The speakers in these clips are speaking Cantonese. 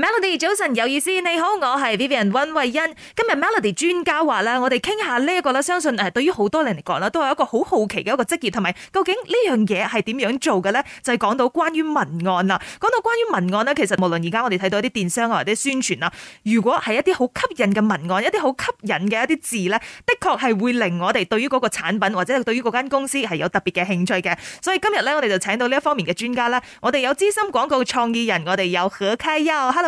Melody，早晨，有意思，你好，我係 Vivian 溫慧欣。今日 Melody 專家話啦，我哋傾下呢一個啦，相信誒對於好多人嚟講啦，都係一個好好奇嘅一個職業，同埋究竟呢樣嘢係點樣做嘅咧？就係、是、講到關於文案啦，講到關於文案咧，其實無論而家我哋睇到一啲電商啊或者宣傳啊，如果係一啲好吸引嘅文案，一啲好吸引嘅一啲字咧，的確係會令我哋對於嗰個產品或者對於嗰間公司係有特別嘅興趣嘅。所以今日咧，我哋就請到呢一方面嘅專家啦，我哋有資深廣告創意人，我哋有何嘉優。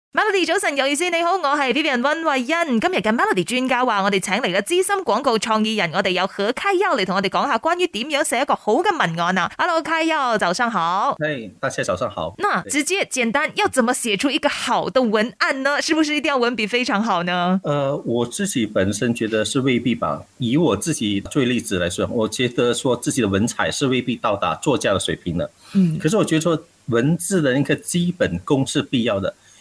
Melody 早晨有意思，你好，我係 Vivian 溫慧欣。今日嘅 Melody 專家話，我哋請嚟嘅資深廣告創意人，我哋由何開優何開耀嚟同我哋講下關於點樣寫一個好嘅文案啊？Hello，開耀，早上好。嘿，hey, 大家早上好。那、啊、對直接簡單，要怎麼寫出一個好的文案呢？是不是一定要文筆非常好呢？呃我自己本身覺得是未必吧。以我自己做例子來說，我覺得說自己的文采是未必到達作家嘅水平的，嗯，可是我覺得說文字嘅一個基本功是必要的。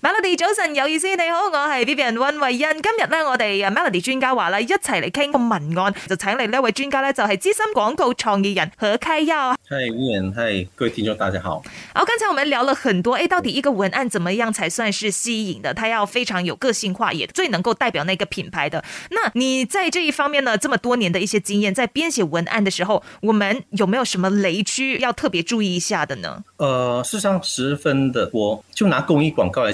Melody 早晨有意思，你好，我係 Vivian 溫慧欣。今日呢，我哋啊 Melody 專家話啦，一齊嚟傾個文案，就請嚟呢位專家咧，就係、是、資深廣告創意人何開耀啊。Hi，烏人，嗨，各位聽眾，大家好。好，剛才我們聊了很多，誒，到底一個文案怎麼樣才算是吸引的？它要非常有個性化，也最能夠代表那個品牌的。那你在這一方面呢，這麼多年的一些經驗，在編寫文案的時候，我們有沒有什麼雷區要特別注意一下的呢？誒、呃，事實上十分的多，就拿公益廣告嚟。